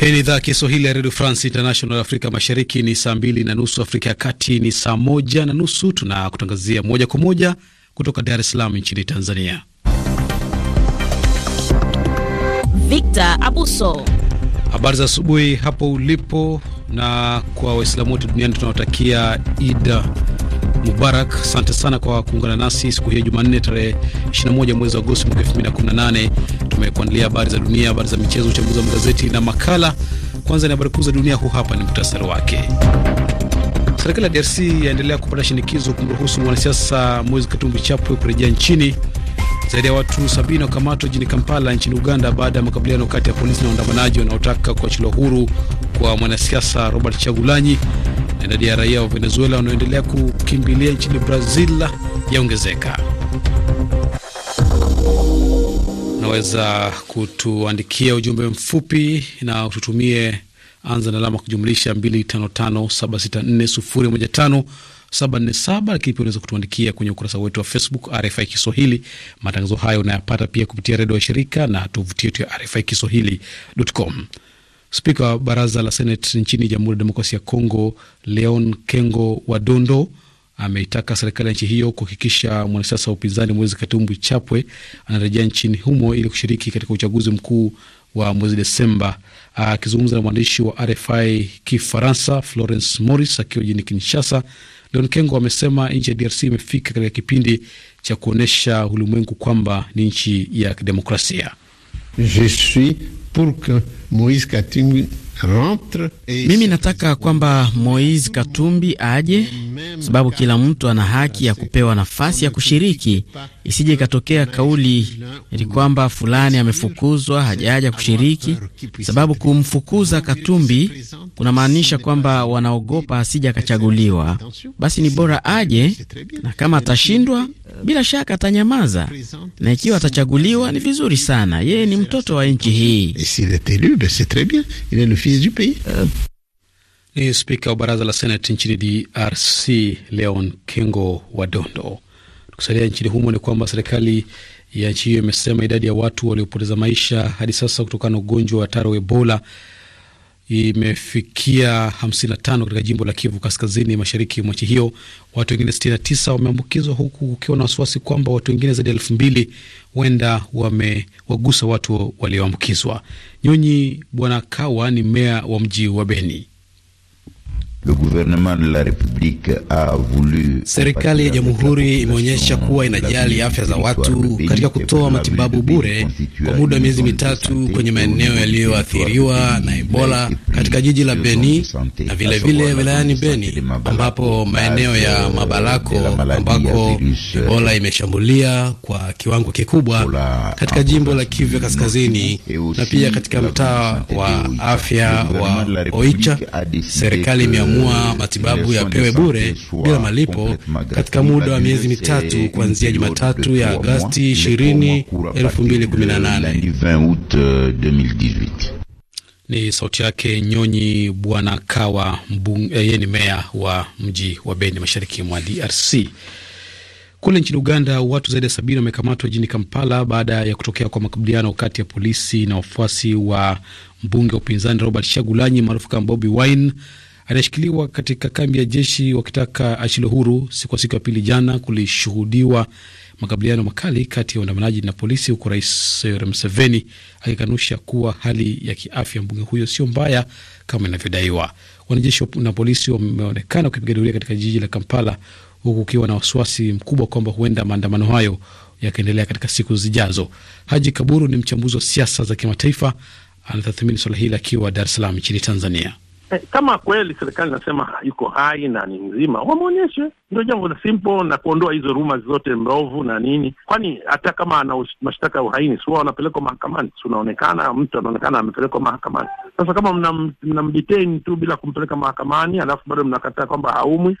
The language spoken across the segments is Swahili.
Hii ni idhaa ya Kiswahili ya redio France International. Afrika mashariki ni saa mbili na nusu, Afrika ya kati ni saa moja na nusu. Tunakutangazia moja kwa moja kutoka Dar es Salaam nchini Tanzania. Victor Abuso, habari za asubuhi hapo ulipo, na kwa Waislamu wote duniani tunawatakia Ida Mubarak, asante sana kwa kuungana nasi siku ya Jumanne tarehe 21 mwezi wa Agosti mwaka 2018. Tumekuandalia habari za dunia, habari za michezo, uchambuzi wa magazeti na makala. Kwanza ni habari kuu za dunia, huu hapa ni muhtasari wake. Serikali ya DRC yaendelea kupata shinikizo kumruhusu mwanasiasa Moise Katumbi Chapwe kurejea nchini zaidi ya watu sabini wakamatwa jijini Kampala nchini Uganda baada ya makabiliano kati ya polisi na waandamanaji wanaotaka kuachiliwa huru kwa mwanasiasa Robert Chagulanyi. Na idadi ya raia wa Venezuela wanaoendelea kukimbilia nchini Brazil yaongezeka. Unaweza kutuandikia ujumbe mfupi na ututumie, anza na alama kujumlisha 2557640150 7 lakini pia unaweza kutuandikia kwenye ukurasa wetu wa Facebook RFI Kiswahili. Matangazo hayo unayapata pia kupitia redio ya shirika na tovuti yetu ya RFI Kiswahili.com. Spika wa baraza la Senate nchini Jamhuri ya Demokrasia ya Kongo, Leon Kengo Wadondo ameitaka serikali ya nchi hiyo kuhakikisha mwanasiasa wa upinzani Mwezi Katumbu Chapwe anarejea nchini humo ili kushiriki katika uchaguzi mkuu wa mwezi Desemba. Akizungumza na mwandishi wa RFI Kifaransa, Florence Morris akiwa jijini Kinshasa, Leon Kengo amesema nchi ya DRC imefika katika kipindi cha kuonyesha ulimwengu kwamba ni nchi ya kidemokrasia. Je suis pour que Moise Katumbi mimi nataka kwamba Moise Katumbi aje, sababu kila mtu ana haki ya kupewa nafasi ya kushiriki, isije ikatokea kauli ili kwamba fulani amefukuzwa hajaja kushiriki, sababu kumfukuza Katumbi kunamaanisha kwamba wanaogopa asije akachaguliwa. Basi ni bora aje, na kama atashindwa, bila shaka atanyamaza, na ikiwa atachaguliwa ni vizuri sana. Yeye ni mtoto wa nchi hii franchise du pays. Ni spika wa baraza la senati nchini DRC Leon Kengo Wadondo. Tukisalia nchini humo, ni kwamba serikali ya nchi hiyo imesema idadi ya watu waliopoteza maisha hadi sasa kutokana na ugonjwa wa hatari wa Ebola imefikia 55 katika jimbo la Kivu Kaskazini, mashariki mwa nchi hiyo. Watu wengine 69 wameambukizwa, huku kukiwa na wasiwasi kwamba watu wengine zaidi ya elfu mbili huenda wamewagusa watu walioambukizwa. Nyonyi Bwana Kawa ni meya wa mji wa Beni. Serikali ya jamhuri imeonyesha kuwa inajali afya za watu katika kutoa matibabu bure kwa muda wa miezi mitatu kwenye maeneo yaliyoathiriwa na Ebola katika jiji la Beni na vilevile wilayani Beni, ambapo maeneo ya Mabalako ambako Ebola imeshambulia kwa kiwango kikubwa katika jimbo la Kivu Kaskazini na pia katika mtaa wa afya wa Oicha serikali kuamua matibabu yapewe bure bila malipo katika muda wa miezi mitatu kuanzia Jumatatu ya Agasti 20, 2018. Euh, ni sauti yake Nyonyi Bwana Kawa Mbung, eh, yeye ni meya wa mji wa Beni mashariki mwa DRC. Kule nchini Uganda watu zaidi ya sabini wamekamatwa jijini Kampala baada ya kutokea kwa makabiliano kati ya polisi na wafuasi wa mbunge wa upinzani Robert Shagulanyi maarufu kama Bobi Wine anashikiliwa katika kambi ya jeshi wakitaka achiliwe huru. Siku ya siku ya pili jana kulishuhudiwa makabiliano makali kati ya waandamanaji na polisi, huku Rais Museveni akikanusha kuwa hali ya kiafya mbunge huyo sio mbaya kama inavyodaiwa. Wanajeshi na polisi wameonekana wakipiga doria katika jiji la Kampala, huku ukiwa na wasiwasi mkubwa kwamba huenda maandamano hayo yakaendelea katika siku zijazo. Haji Kaburu ni mchambuzi wa siasa za kimataifa, anatathmini swala hili akiwa Dar es Salaam nchini Tanzania. Eh, kama kweli serikali inasema yuko hai na ni mzima, wamwonyeshe ndio jambo la simple na kuondoa hizo ruma zote mbovu na nini, kwani hata kama ana mashtaka ya uhaini si wanapelekwa mahakamani? Unaonekana mtu anaonekana amepelekwa mahakamani. Sasa kama mnamdetain mna tu bila kumpeleka mahakamani, alafu bado mnakataa kwamba haumwi,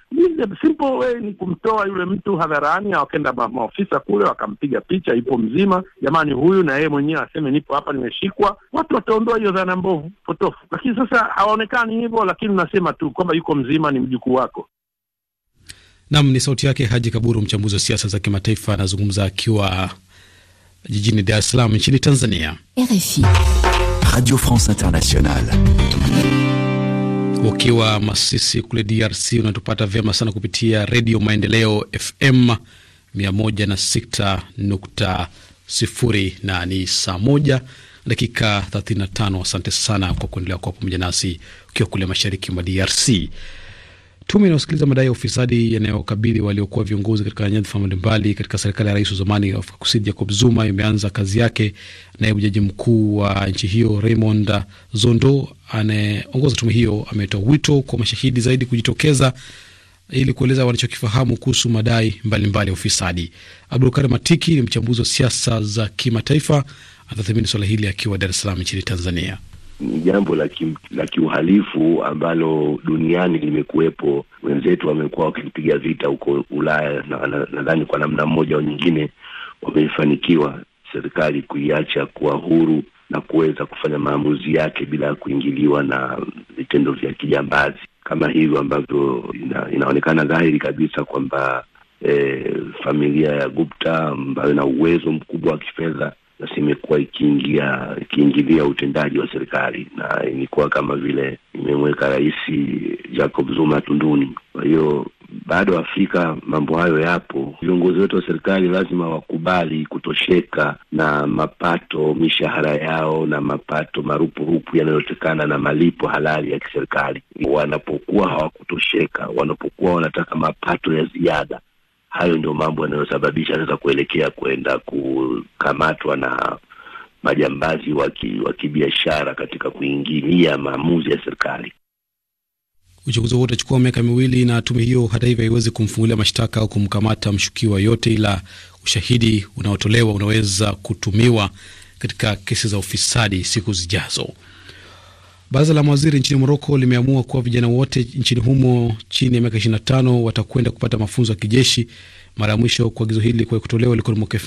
simple way ni kumtoa yule mtu hadharani, wakenda maofisa kule wakampiga picha, yupo mzima jamani, huyu na yeye mwenyewe aseme nipo hapa, nimeshikwa. Watu wataondoa hiyo dhana mbovu potofu, lakini sasa hawaonekani hivyo, lakini unasema tu kwamba yuko mzima, ni mjukuu wako. Nam ni sauti yake Haji Kaburu, mchambuzi wa siasa za kimataifa, anazungumza akiwa jijini Dar es Salaam nchini Tanzania. RFI, Radio France Internationale. Ukiwa Masisi kule DRC unatupata vyema sana kupitia Redio Maendeleo FM 106.0, na ni saa moja dakika 35. Asante sana kwa kuendelea kuwa pamoja nasi ukiwa kule mashariki mwa DRC. Tume inayosikiliza madai ya ufisadi yanayokabili waliokuwa viongozi katika nyadhifa mbalimbali katika serikali ya rais wa zamani wa Afrika Kusini Jacob Zuma imeanza kazi yake. Naibu jaji mkuu wa nchi hiyo Raymond Zondo anayeongoza tume hiyo ametoa wito kwa mashahidi zaidi kujitokeza ili kueleza wanachokifahamu kuhusu madai mbalimbali ya ufisadi. Abdulkari Matiki ni mchambuzi wa siasa za kimataifa, anatathmini suala hili akiwa Dar es Salaam nchini Tanzania ni jambo la, ki, la kiuhalifu ambalo duniani limekuwepo. Wenzetu wamekuwa wakimpiga vita huko Ulaya na nadhani na kwa namna mmoja au nyingine wamefanikiwa serikali kuiacha kuwa huru na kuweza kufanya maamuzi yake bila ya kuingiliwa na vitendo vya kijambazi kama hivyo ambavyo ina, inaonekana dhahiri kabisa kwamba eh, familia ya Gupta ambayo ina uwezo mkubwa wa kifedha sasa imekuwa ikiingia ikiingilia utendaji wa serikali na ilikuwa kama vile imemweka Rais Jacob Zuma tunduni. Kwa hiyo bado Afrika mambo hayo yapo. Viongozi wetu wa serikali lazima wakubali kutosheka na mapato, mishahara yao na mapato marupurupu yanayotokana na malipo halali ya kiserikali. Wanapokuwa hawakutosheka, wanapokuwa wanataka mapato ya ziada hayo ndio mambo yanayosababisha sasa kuelekea kwenda kukamatwa na majambazi wa kibiashara katika kuingilia maamuzi ya serikali. Uchunguzi huo utachukua miaka miwili, na tume hiyo hata hivyo haiwezi kumfungulia mashtaka au kumkamata mshukiwa yote, ila ushahidi unaotolewa unaweza kutumiwa katika kesi za ufisadi siku zijazo. Baraza la mawaziri nchini Moroko limeamua kuwa vijana wote nchini humo chini ya miaka 25 watakwenda kupata mafunzo ya kijeshi. Mara ya mwisho kwa agizo hili kwa kutolewa ilikuwa mwaka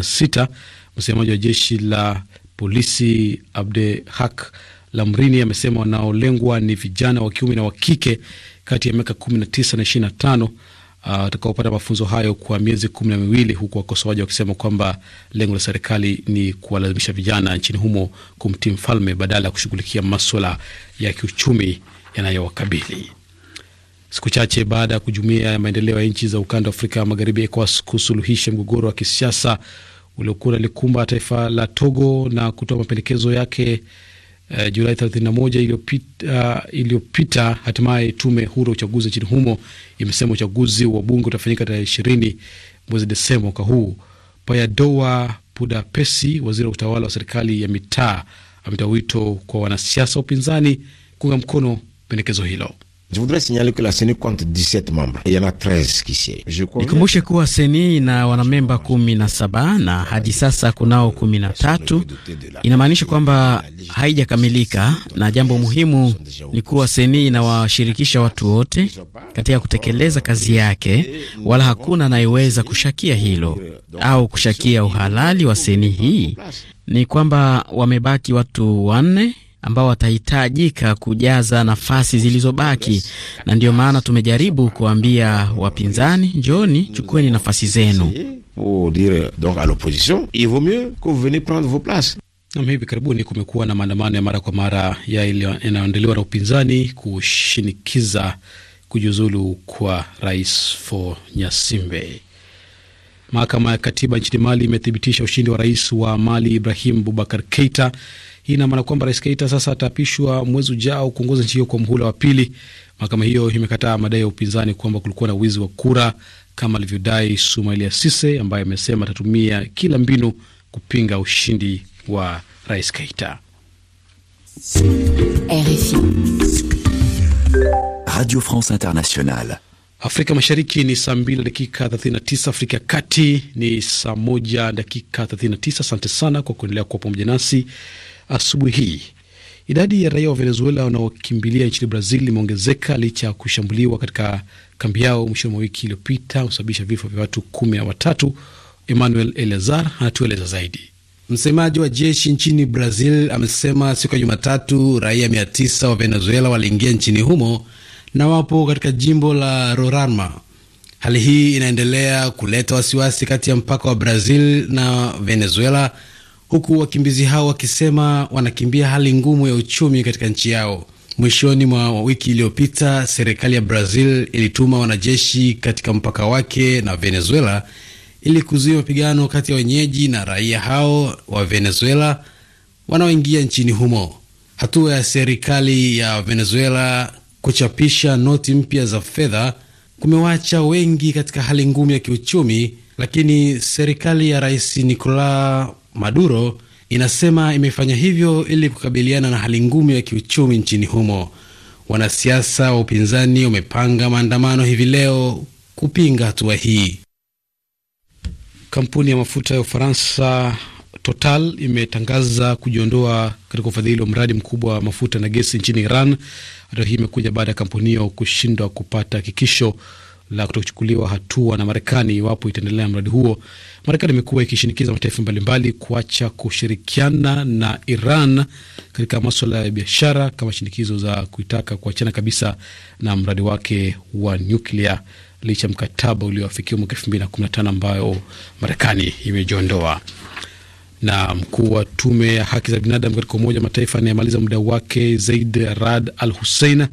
sita. Msemaji wa jeshi la polisi Abde Hak Lamrini amesema wanaolengwa ni vijana wa kiume na wa kike kati ya miaka 19 na 25 watakaopata ah, uh, mafunzo hayo kwa miezi kumi na miwili, huku wakosoaji wakisema kwamba lengo la serikali ni kuwalazimisha vijana nchini humo kumtii mfalme badala ya kushughulikia maswala ya kiuchumi yanayowakabili. Siku chache baada ya kujumuia ya maendeleo ya nchi za ukanda wa Afrika Magharibi, ECOWAS kusuluhisha mgogoro wa kisiasa uliokuwa unalikumba taifa la Togo na kutoa mapendekezo yake Eh, Julai 31 iliyopita uh, iliyopita. Hatimaye tume huru ya uchaguzi nchini humo imesema uchaguzi wa bunge utafanyika tarehe ishirini mwezi Desemba mwaka huu. Payadoa Pudapesi, waziri wa utawala wa serikali ya mitaa, ametoa wito kwa wanasiasa wa upinzani kuunga mkono pendekezo hilo. Je voudrais signaler que la CENI compte 17 membres il y en a 13 qui siègent. Nikumbushe kuwa CENI ina wanamemba kumi na saba na hadi sasa kunao kumi na tatu. Inamaanisha kwamba haijakamilika, na jambo muhimu ni kuwa CENI inawashirikisha watu wote katika kutekeleza kazi yake, wala hakuna anayeweza kushakia hilo au kushakia uhalali wa CENI hii. Ni kwamba wamebaki watu wanne ambao watahitajika kujaza nafasi zilizobaki, na ndio maana tumejaribu kuambia wapinzani, njoni chukueni nafasi zenu. Nam, hivi karibuni kumekuwa na maandamano ya mara kwa mara yanayoandaliwa na upinzani kushinikiza kujiuzulu kwa rais fo Nyasimbe. Mahakama ya Katiba nchini Mali imethibitisha ushindi wa rais wa Mali Ibrahim bubakar Keita hii ina maana kwamba Rais Keita sasa ataapishwa mwezi ujao kuongoza nchi hiyo kwa mhula wa pili. Mahakama hiyo imekataa madai ya upinzani kwamba kulikuwa na wizi wa kura kama alivyodai sumaili asise ambaye amesema atatumia kila mbinu kupinga ushindi wa Rais Keita. RFI Radio France Internationale. Afrika Mashariki ni saa 2 dakika 39, Afrika ya Kati ni saa 1 dakika 39. Asante sana kwa kuendelea kuwa pamoja nasi asubuhi hii. Idadi ya raia wa Venezuela wanaokimbilia nchini Brazil imeongezeka licha ya kushambuliwa katika kambi yao mwishoni mwa wiki iliyopita kusababisha vifo vya watu kumi na watatu. Emmanuel Eleazar anatueleza zaidi. Msemaji wa jeshi nchini Brazil amesema siku ya Jumatatu raia mia tisa wa Venezuela waliingia nchini humo na wapo katika jimbo la Roraima. Hali hii inaendelea kuleta wasiwasi kati ya mpaka wa Brazil na Venezuela huku wakimbizi hao wakisema wanakimbia hali ngumu ya uchumi katika nchi yao. Mwishoni mwa wiki iliyopita, serikali ya Brazil ilituma wanajeshi katika mpaka wake na Venezuela ili kuzuia mapigano kati ya wenyeji na raia hao wa Venezuela wanaoingia nchini humo. Hatua ya serikali ya Venezuela kuchapisha noti mpya za fedha kumewacha wengi katika hali ngumu ya kiuchumi, lakini serikali ya Rais Nicolas Maduro inasema imefanya hivyo ili kukabiliana na hali ngumu ya kiuchumi nchini humo. Wanasiasa wa upinzani wamepanga maandamano hivi leo kupinga hatua hii. Kampuni ya mafuta ya Ufaransa Total imetangaza kujiondoa katika ufadhili wa mradi mkubwa wa mafuta na gesi nchini Iran. Hatua hii imekuja baada ya kampuni hiyo kushindwa kupata hakikisho la kutochukuliwa hatua na Marekani iwapo itaendelea mradi huo. Marekani imekuwa ikishinikiza mataifa mbalimbali kuacha kushirikiana na Iran katika maswala ya biashara kama shinikizo za kuitaka kuachana kabisa na mradi wake wa nyuklia licha mkataba ulioafikiwa mwaka elfu mbili na kumi na tano ambayo Marekani imejiondoa. Na mkuu wa tume ya haki za binadamu katika Umoja wa Mataifa anayemaliza muda wake Zaid Rad Al Hussein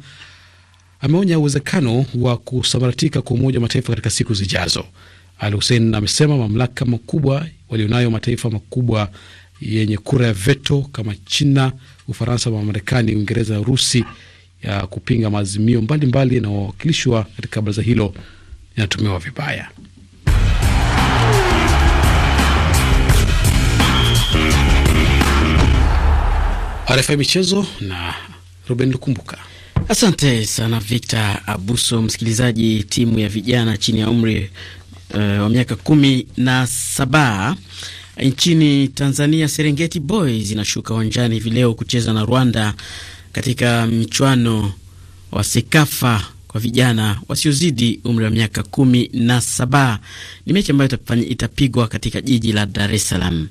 ameonya uwezekano wa kusambaratika kwa Umoja wa Mataifa katika siku zijazo. Al Hussein amesema mamlaka makubwa walionayo mataifa makubwa yenye kura ya veto kama China, Ufaransa wa Marekani, Uingereza na Urusi ya kupinga maazimio mbalimbali yanayowakilishwa katika baraza hilo yanatumiwa vibaya. RFI Michezo na Ruben Lukumbuka. Asante sana Victor Abuso. Msikilizaji, timu ya vijana chini ya umri uh, wa miaka kumi na saba eh, nchini Tanzania, Serengeti Boys inashuka uwanjani hivi leo kucheza na Rwanda katika mchwano wa Sekafa kwa vijana wasiozidi umri wa miaka kumi na saba. Ni mechi ambayo itapigwa katika jiji la Dar es Salaam.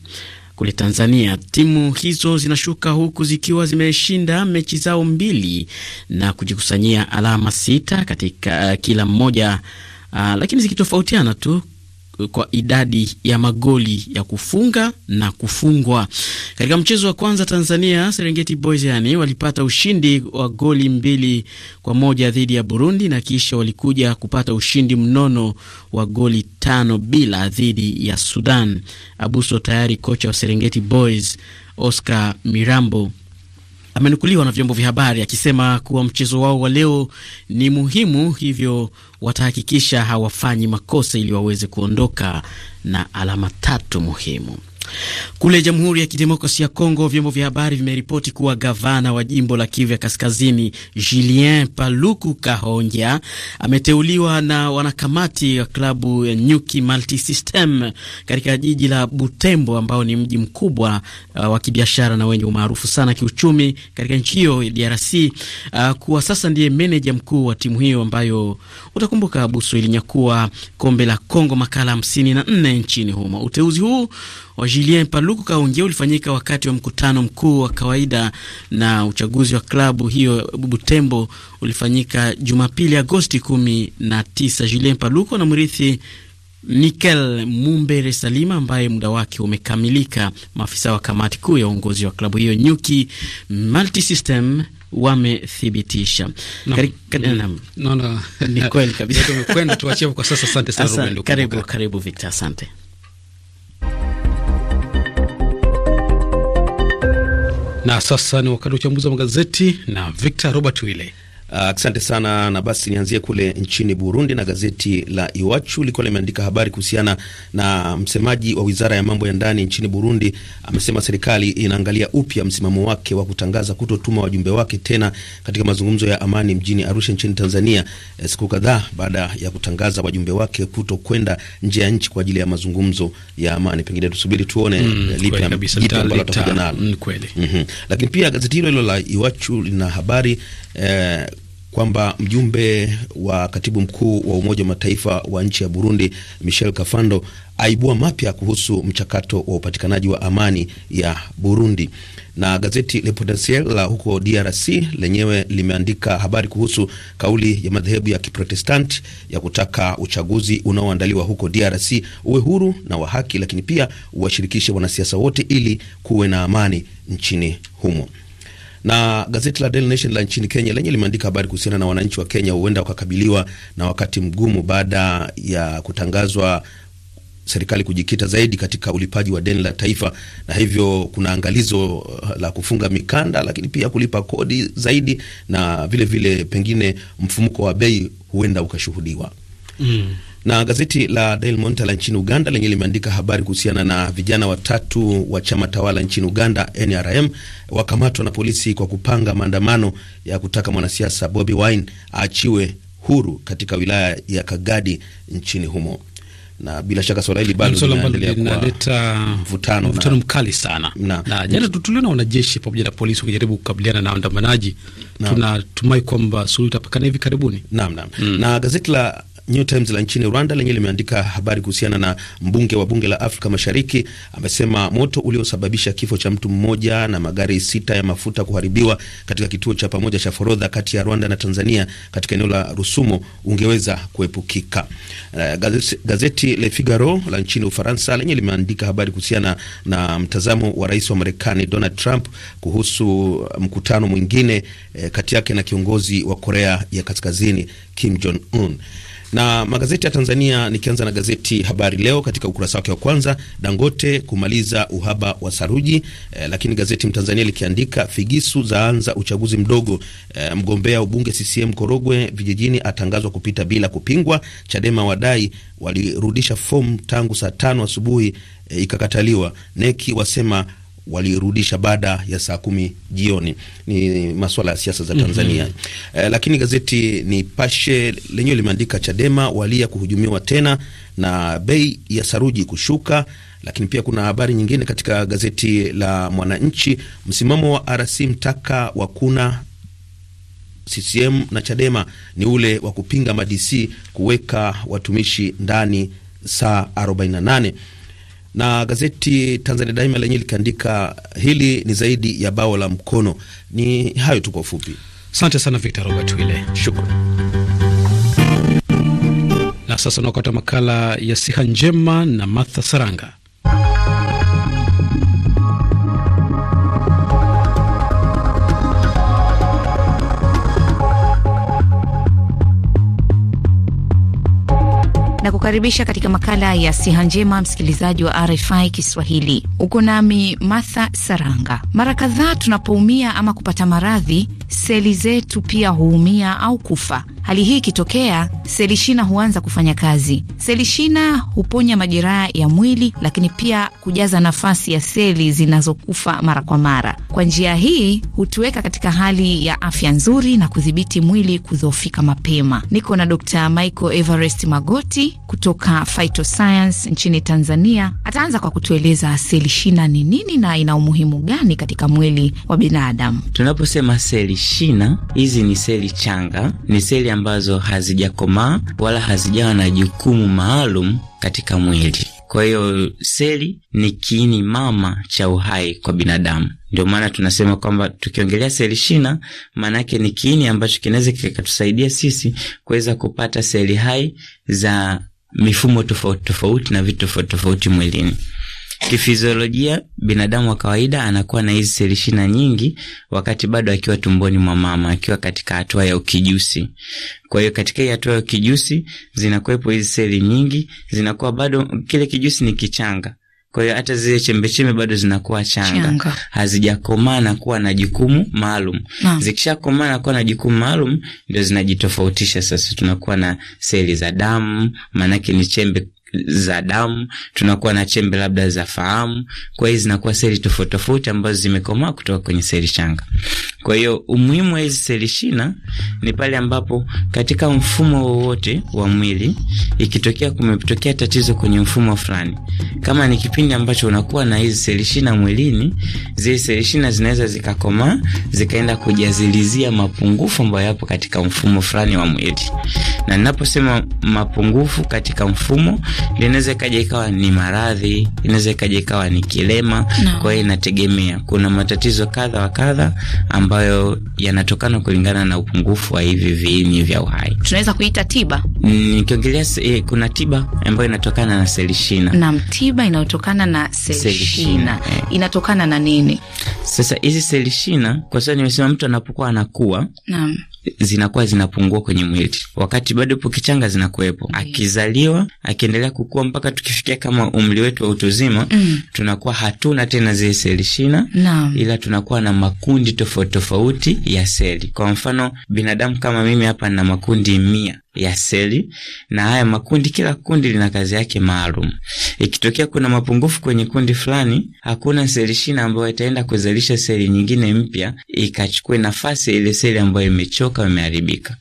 Kule Tanzania timu hizo zinashuka huku zikiwa zimeshinda mechi zao mbili na kujikusanyia alama sita katika uh, kila mmoja uh, lakini zikitofautiana tu kwa idadi ya magoli ya kufunga na kufungwa. Katika mchezo wa kwanza Tanzania, Serengeti Boys yani walipata ushindi wa goli mbili kwa moja dhidi ya Burundi na kisha walikuja kupata ushindi mnono wa goli tano bila dhidi ya Sudan. Abuso tayari kocha wa Serengeti Boys Oscar Mirambo amenukuliwa na vyombo vya habari akisema kuwa mchezo wao wa leo ni muhimu, hivyo watahakikisha hawafanyi makosa ili waweze kuondoka na alama tatu muhimu. Kule Jamhuri ya Kidemokrasia ya Kongo, vyombo vya habari vimeripoti kuwa gavana wa jimbo la Kivu ya Kaskazini, Julien Paluku Kahonja, ameteuliwa na wanakamati wa klabu ya Nyuki Multisystem katika jiji la Butembo, ambao ni mji mkubwa uh, wa kibiashara na wenye umaarufu sana kiuchumi katika nchi hiyo ya DRC, uh, kuwa sasa ndiye meneja mkuu wa timu hiyo ambayo utakumbuka busu ilinyakua kombe la Kongo makala 54 nchini humo. Uteuzi huu wa Julien Paluku Kaongea ulifanyika wakati wa mkutano mkuu wa kawaida na uchaguzi wa klabu hiyo Butembo ulifanyika Jumapili Agosti kumi na Julien Paluku mrithi Nikel Mumbere Salima ambaye muda wake umekamilika. Maafisa wa kamati kuu ya uongozi wa klabu hiyo Nyuki Multisystem wamethibitisha mm. ni kweli kabisa. Tumekwenda tuachie kwa sasa. Asante sana karibu karibu Victor, asante. Na sasa ni wakati wa uchambuzi wa magazeti na Victor Robert wille Ah, asante uh, sana. Na basi nianzie kule nchini Burundi, na gazeti la Iwachu likuwa limeandika habari kuhusiana na msemaji wa wizara ya mambo ya ndani nchini Burundi amesema serikali inaangalia upya msimamo wake wa kutangaza kutotuma wajumbe wake tena katika mazungumzo ya amani mjini Arusha nchini Tanzania, eh, siku kadhaa baada ya kutangaza wajumbe wake kutokwenda nje ya nchi kwa ajili ya mazungumzo ya amani. Pengine tusubiri tuone eh, mm, lipi ambalo watakuja nalo. Mm, mhm. Lakini pia gazeti hilo hilo la Iwachu lina habari eh, kwamba mjumbe wa katibu mkuu wa Umoja wa Mataifa wa nchi ya Burundi Michel Kafando aibua mapya kuhusu mchakato wa upatikanaji wa amani ya Burundi. Na gazeti Le Potentiel la huko DRC lenyewe limeandika habari kuhusu kauli ya madhehebu ya Kiprotestanti ya kutaka uchaguzi unaoandaliwa huko DRC uwe huru na wa haki, lakini pia uwashirikishe wanasiasa wote ili kuwe na amani nchini humo. Na gazeti la Daily Nation la nchini Kenya lenye limeandika habari kuhusiana na wananchi wa Kenya huenda wakakabiliwa na wakati mgumu baada ya kutangazwa serikali kujikita zaidi katika ulipaji wa deni la taifa, na hivyo kuna angalizo uh, la kufunga mikanda, lakini pia kulipa kodi zaidi, na vile vile pengine mfumuko wa bei huenda ukashuhudiwa. mm. Na gazeti la Daily Monitor la nchini Uganda lenye limeandika habari kuhusiana na vijana watatu wa chama tawala nchini Uganda NRM wakamatwa na polisi kwa kupanga maandamano ya kutaka mwanasiasa Bobi Wine aachiwe huru katika wilaya ya Kagadi nchini humo na bila shaka swala hili bado linaleta mvutano mvutano mkali sana na, na jana tuliona wanajeshi pamoja na polisi wakijaribu kukabiliana na waandamanaji. Tunatumai kwamba suluhu itapatikana hivi karibuni. Naam, naam. Mm. Na gazeti la New Times la nchini Rwanda lenye limeandika habari kuhusiana na mbunge wa bunge la Afrika Mashariki amesema moto uliosababisha kifo cha mtu mmoja na magari sita ya mafuta kuharibiwa katika kituo cha pamoja cha forodha kati ya Rwanda na Tanzania katika eneo la Rusumo ungeweza kuepukika. Eh, gazeti Le Figaro la nchini Ufaransa lenye limeandika habari kuhusiana na mtazamo wa rais wa Marekani Donald Trump kuhusu mkutano mwingine eh, kati yake na kiongozi wa Korea ya Kaskazini Kim Jong Un. Na magazeti ya Tanzania, nikianza na gazeti Habari Leo, katika ukurasa wake wa kwanza, Dangote kumaliza uhaba wa saruji. Eh, lakini gazeti Mtanzania likiandika figisu zaanza uchaguzi mdogo. Eh, mgombea ubunge CCM Korogwe vijijini atangazwa kupita bila kupingwa. Chadema wadai walirudisha fomu tangu saa tano asubuhi, eh, ikakataliwa. neki wasema walirudisha baada ya saa kumi jioni. Ni masuala ya siasa za Tanzania. mm -hmm. E, lakini gazeti Nipashe lenyewe limeandika Chadema walia kuhujumiwa tena na bei ya saruji kushuka. Lakini pia kuna habari nyingine katika gazeti la Mwananchi, msimamo wa RC mtaka wa kuna CCM na Chadema ni ule wa kupinga madc kuweka watumishi ndani saa 48 na gazeti Tanzania Daima lenye likiandika hili ni zaidi ya bao la mkono. Ni hayo tu kwa ufupi. Asante sana Victor Robert Wile, shukran. Na sasa unakata makala ya siha njema na Martha Saranga. na kukaribisha katika makala ya siha njema, msikilizaji wa RFI Kiswahili. Uko nami Martha Saranga. Mara kadhaa tunapoumia ama kupata maradhi, seli zetu pia huumia au kufa Hali hii ikitokea, selishina huanza kufanya kazi. Selishina huponya majeraha ya mwili, lakini pia kujaza nafasi ya seli zinazokufa mara kwa mara. Kwa njia hii hutuweka katika hali ya afya nzuri na kudhibiti mwili kudhoofika mapema. Niko na Dkt. Michael Everest Magoti kutoka Phytoscience nchini Tanzania. Ataanza kwa kutueleza selishina ni nini na ina umuhimu gani katika mwili wa binadamu. Tunaposema shina hizi ni seli changa, ni seli ambazo hazijakomaa wala hazijawa na jukumu maalum katika mwili. Kwa hiyo seli ni kiini mama cha uhai kwa binadamu. Ndio maana tunasema kwamba tukiongelea seli shina, maana yake ni kiini ambacho kinaweza kikatusaidia sisi kuweza kupata seli hai za mifumo tofauti tofauti na vitu tofauti tofauti mwilini. Kifiziolojia, binadamu wa kawaida anakuwa na hizi seli shina nyingi wakati bado akiwa tumboni mwa mama, akiwa katika hatua ya ukijusi. Kwa hiyo katika hii hatua ya ukijusi zinakuwepo hizi seli nyingi, zinakuwa bado kile kijusi ni kichanga. Kwa hiyo hata zile chembechembe bado zinakuwa changa, changa. Hazijakomaa na kuwa na jukumu maalum. Zikishakomaa na kuwa na jukumu maalum, ndio zinajitofautisha sasa. Tunakuwa na seli za damu, maanake ni chembe za damu, tunakuwa na chembe labda za fahamu. Kwa hiyo zinakuwa seli tofauti tofauti ambazo zimekomaa kutoka kwenye seli changa. Kwa hiyo umuhimu wa hizi seli shina ni pale ambapo katika mfumo wowote wa mwili ikitokea kumetokea tatizo kwenye mfumo fulani, kama ni kipindi ambacho unakuwa na hizi seli shina mwilini, zile seli shina zinaweza zikakomaa zikaenda kujazilizia mapungufu ambayo yapo katika mfumo fulani wa mwili. Na ninaposema mapungufu katika mfumo linaweza ikaja ikawa ni maradhi, inaweza ikaja ikawa ni kilema no. Kwa hiyo inategemea, kuna matatizo kadha wa kadha ambayo yanatokana kulingana na upungufu wa hivi viini vya uhai. Tunaweza kuita tiba nikiongelea, eh, kuna tiba ambayo inatokana na selishina na tiba inayotokana na selishina eh. Inatokana na nini sasa hizi selishina? Kwa sababu nimesema mtu anapokuwa anakuwa Naam zinakuwa zinapungua kwenye mwili, wakati bado ipo kichanga zinakuwepo. Akizaliwa akiendelea kukua mpaka tukifikia kama umri wetu wa utuzima mm. tunakuwa hatuna tena zile seli shina no. ila tunakuwa na makundi tofauti tofauti ya seli. Kwa mfano binadamu kama mimi hapa na makundi mia ya seli, na haya makundi, kila kundi lina kazi yake maalum. Ikitokea kuna mapungufu kwenye kundi fulani, hakuna seli shina ambayo itaenda kuzalisha seli nyingine mpya ikachukue nafasi ya ile seli ambayo imechoka, imeharibika.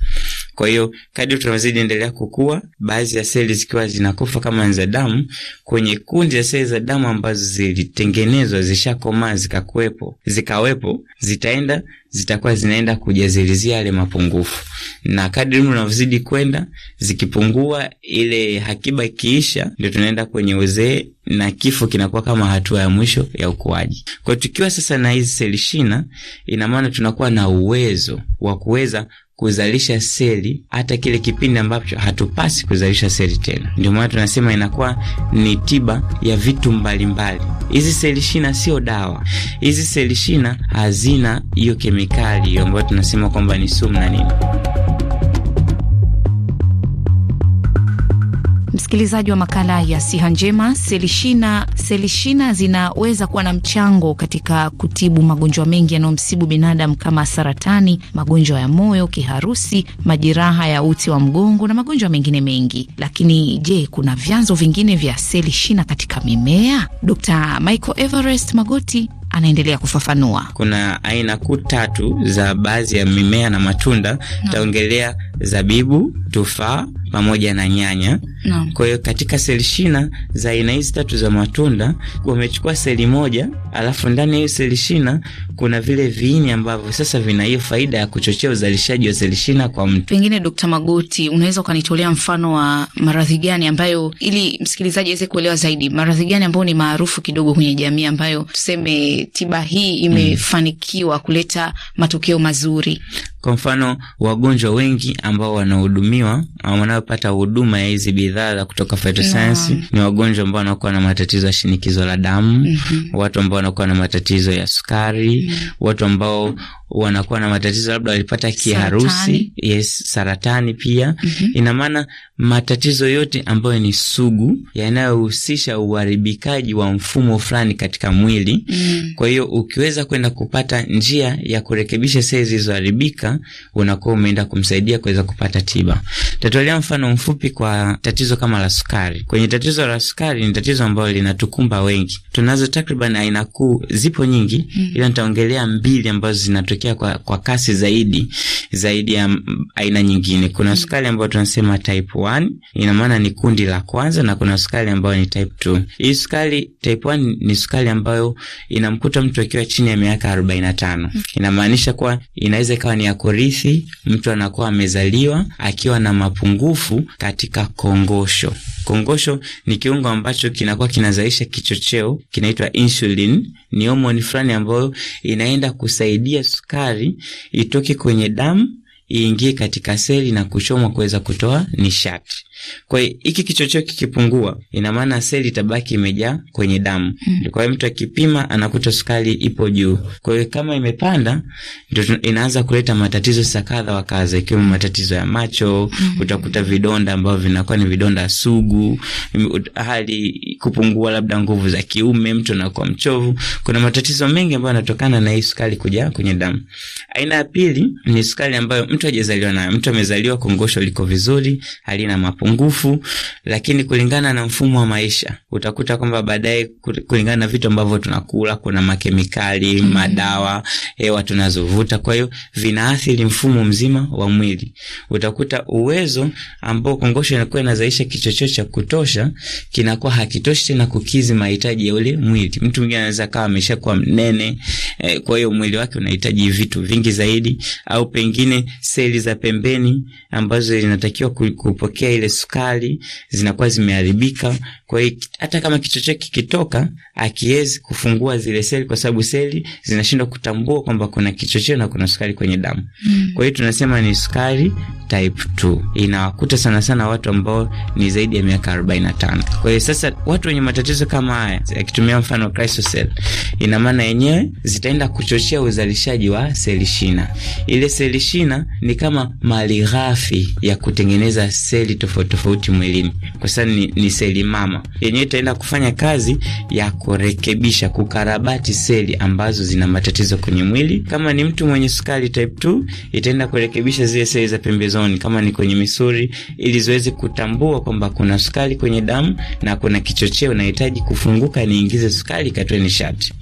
Kwa hiyo kadri tunavyozidi endelea kukua, baadhi ya seli zikiwa zinakufa kama za damu. Kwenye kundi ya seli za damu ambazo zilitengenezwa zishakomaa zikakuwepo zikawepo, zitaenda zitakuwa zinaenda kujazilizia yale mapungufu, na kadri umri unavyozidi kwenda, zikipungua ile hakiba ikiisha, ndio tunaenda kwenye uzee na kifo kinakuwa kama hatua ya mwisho ya ukuaji. Kwa tukiwa sasa na hizi seli shina, ina maana tunakuwa na uwezo wa kuweza kuzalisha seli hata kile kipindi ambacho hatupasi kuzalisha seli tena. Ndio maana tunasema inakuwa ni tiba ya vitu mbalimbali. Hizi seli shina sio dawa, hizi seli shina hazina hiyo kemikali hiyo ambayo tunasema kwamba ni sumu na nini. msikilizaji wa makala ya siha njema, selishina selishina zinaweza kuwa na mchango katika kutibu magonjwa mengi yanayomsibu binadamu kama saratani, magonjwa ya moyo, kiharusi, majeraha ya uti wa mgongo na magonjwa mengine mengi. Lakini je, kuna vyanzo vingine vya selishina katika mimea? d Michael Everest Magoti anaendelea kufafanua. Kuna aina kuu tatu za baadhi ya mimea na matunda. Taongelea zabibu, tufaa pamoja na nyanya no. Kwa hiyo katika seli shina za aina hizi tatu za matunda wamechukua seli moja, alafu ndani ya hiyo seli shina kuna vile viini ambavyo sasa vina hiyo faida ya kuchochea uzalishaji wa seli shina kwa mtu. Pengine Dkt. Magoti, unaweza ukanitolea mfano wa maradhi gani ambayo, ili msikilizaji aweze kuelewa zaidi, maradhi gani ambayo ni maarufu kidogo kwenye jamii ambayo tuseme tiba hii mm. imefanikiwa mm. kuleta matokeo mazuri? Kwa mfano wagonjwa wengi ambao wanahudumiwa wana wanaopata huduma ya hizi bidhaa za kutoka Phytosayansi yeah. ni wagonjwa ambao wanakuwa na matatizo ya shinikizo la damu mm -hmm. watu ambao wanakuwa na matatizo ya sukari mm -hmm. watu ambao wanakuwa na matatizo, labda walipata kiharusi, saratani. yes, saratani pia. mm -hmm. Ina maana matatizo yote ambayo ni sugu yanayohusisha uharibikaji wa mfumo fulani katika mwili. mm -hmm. Kwa hiyo ukiweza kwenda kupata njia ya kurekebisha seli zilizoharibika, unakuwa umeenda kumsaidia kuweza kupata tiba. Tatolea mfano mfupi kwa tatizo kama la sukari. Kwenye tatizo la sukari, ni tatizo ambalo linatukumba wengi. Tunazo takriban aina kuu, zipo nyingi. mm -hmm. Ila nitaongelea mbili ambazo zinatokea kuelekea kwa, kwa kasi zaidi zaidi ya aina nyingine. Kuna mm-hmm. sukari ambayo tunasema type 1, ina maana ni kundi la kwanza, na kuna sukari ambayo ni type 2. Hii sukari type 1 ni sukari ambayo inamkuta mtu akiwa chini ya miaka 45. Mm-hmm. Inamaanisha kuwa inaweza ikawa ni ya kurithi, mtu anakuwa amezaliwa akiwa na mapungufu katika kongosho. Kongosho ni kiungo ambacho kinakuwa kinazalisha kichocheo kinaitwa insulin. Ni homoni fulani ambayo inaenda kusaidia sukari itoke kwenye damu iingie katika seli na kuchomwa kuweza kutoa nishati. Kwa hiyo hiki kichocheo kikipungua, ina maana seli itabaki imejaa kwenye damu. Hmm. Kwa hiyo mtu akipima anakuta sukari ipo juu. Kwa hiyo kama imepanda, ndio inaanza kuleta matatizo sasa kadha wa kadha, ikiwemo matatizo ya macho, hmm. utakuta vidonda ambavyo vinakuwa ni vidonda sugu, hali kupungua labda nguvu za kiume, mtu anakuwa mchovu. Kuna matatizo mengi ambayo yanatokana na hii sukari kujaa kwenye damu. Aina ya pili ni sukari ambayo mtu hajazaliwa nayo. Mtu amezaliwa kongosho liko vizuri, halina mapungufu, lakini kulingana na mfumo wa maisha utakuta kwamba baadaye, kulingana na vitu ambavyo tunakula, kuna makemikali, mm-hmm. madawa, hewa tunazovuta, kwa hiyo vinaathiri mfumo mzima wa mwili. Utakuta uwezo ambao kongosho inakuwa inazalisha kichocheo cha kutosha kinakuwa hakitoshi tena kukidhi mahitaji ya ule mwili. Mtu mwingine anaweza kawa ameshakuwa mnene eh, kwa hiyo mwili wake unahitaji vitu vingi zaidi, au pengine seli za pembeni ambazo zinatakiwa kupokea ile sukari zinakuwa zimeharibika. Kwa hiyo hata kama kichocheo kikitoka, akiwezi kufungua zile seli, kwa sababu seli zinashindwa kutambua kwamba kuna kichocheo na kuna sukari kwenye damu mm. Kwa hiyo tunasema ni sukari type 2 inawakuta sana sana watu ambao ni zaidi ya miaka 45. Kwa hiyo sasa watu wenye matatizo kama haya, akitumia mfano wa chrysocell, ina maana yenyewe zitaenda kuchochea uzalishaji wa seli shina. Ile seli shina ni kama mali ghafi ya kutengeneza seli tofauti tofauti mwilini, kwa sababu ni, ni seli mama yenyewe itaenda kufanya kazi ya kurekebisha, kukarabati seli ambazo zina matatizo kwenye mwili. Kama ni mtu mwenye sukari type 2, itaenda kurekebisha zile seli za pembezoni, kama ni kwenye misuri, ili ziweze kutambua kwamba kuna sukari kwenye damu na kuna kichocheo nahitaji kufunguka, niingize sukari ikatoe nishati.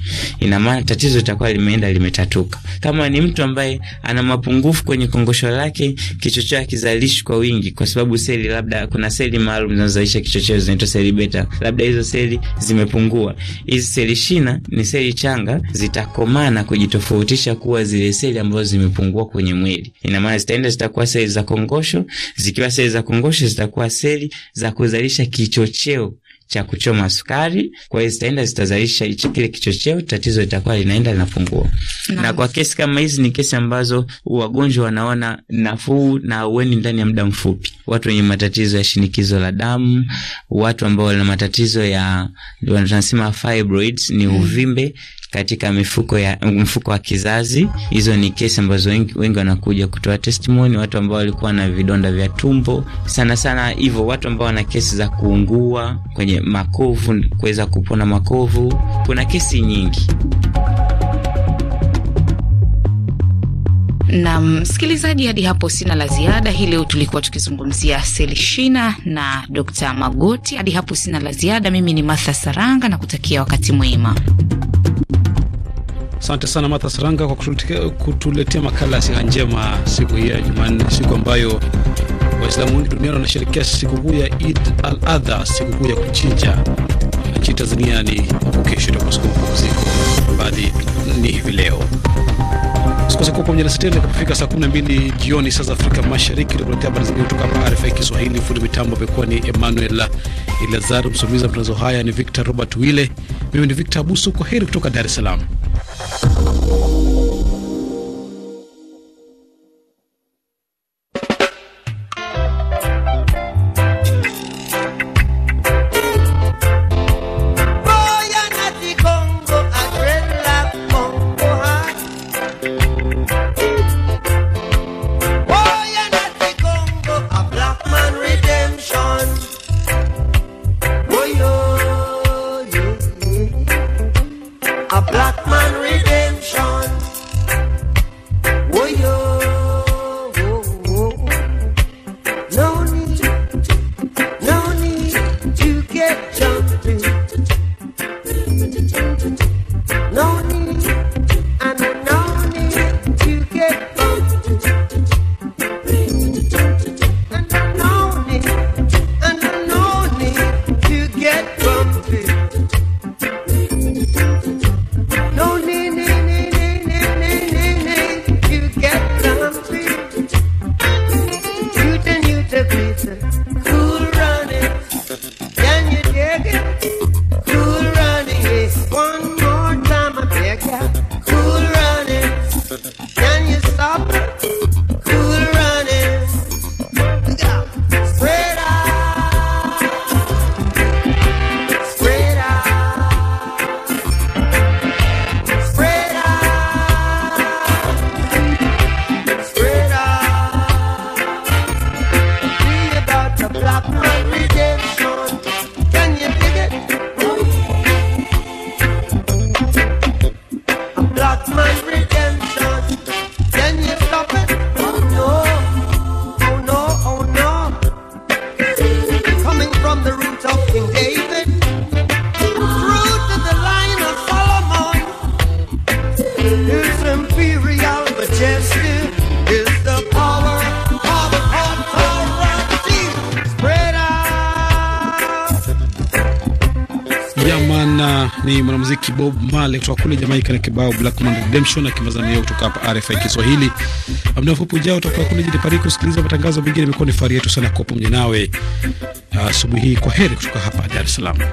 Ina maana tatizo litakuwa limeenda limetatuka. Kama ni mtu ambaye ana mapungufu kwenye kongo kongosho lake kichocheo hakizalishi kwa wingi, kwa sababu seli, labda kuna seli maalum zinazozalisha kichocheo zinaitwa seli beta, labda hizo seli zimepungua. Hizi seli shina ni seli changa, zitakomaa na kujitofautisha kuwa zile seli ambazo zimepungua kwenye mwili. Ina maana zitaenda zitakuwa seli za kongosho, zikiwa seli za kongosho zitakuwa seli za kuzalisha kichocheo cha kuchoma sukari. Kwa hiyo zitaenda zitazalisha hicho kile kichocheo, tatizo litakuwa linaenda linapungua. Na, na kwa kesi kama hizi ni kesi ambazo wagonjwa wanaona nafuu na aueni ndani ya muda mfupi, watu wenye matatizo ya shinikizo la damu, watu ambao wana matatizo ya tunasema fibroids, ni mm. uvimbe katika mifuko ya mfuko wa kizazi. Hizo ni kesi ambazo wengi, wengi wanakuja kutoa testimony, watu ambao walikuwa na vidonda vya tumbo sana sana, hivyo watu ambao wana kesi za kuungua kwenye makovu, kuweza kupona makovu. Kuna kesi nyingi. na msikilizaji, hadi hapo sina la ziada. Hii leo tulikuwa tukizungumzia selishina na Dr. Magoti. Hadi hapo sina la ziada. Mimi ni Martha Saranga na kutakia wakati mwema. Asante sana Martha Saranga kwa kutuletea makala ya siha njema siku hii ya Jumanne, siku ambayo Waislamu wengi duniani wanasherekea sikukuu ya Id al-Adha, sikukuu ya kuchinja. Nchini Tanzania ni kesho, itakuwa siku mapumziko, baadhi ni hivi leo. Usikose kuwa pamoja nasi tena itakapofika saa 12 jioni saa za Afrika Mashariki. Tukuletea habari zingine kutoka hapa RFI Kiswahili. Fundi mitambo amekuwa ni Emmanuel Ilazaru, msimamizi wa matangazo haya ni Victor Robert Wille, mimi ni Victor Abuso. Kwa heri kutoka Dar es Salaam. Thank you. Bob Marley kutoka kule Jamaica na kibao Black Man Redemption akimazamia kutoka hapa RFI Kiswahili. Muda mfupi ujao utakuwa kule jijini Paris kusikiliza matangazo mengine. Imekuwa ni fahari yetu sana kuwa pamoja nawe uh, asubuhi hii. Kwa heri kutoka hapa Dar es Salaam.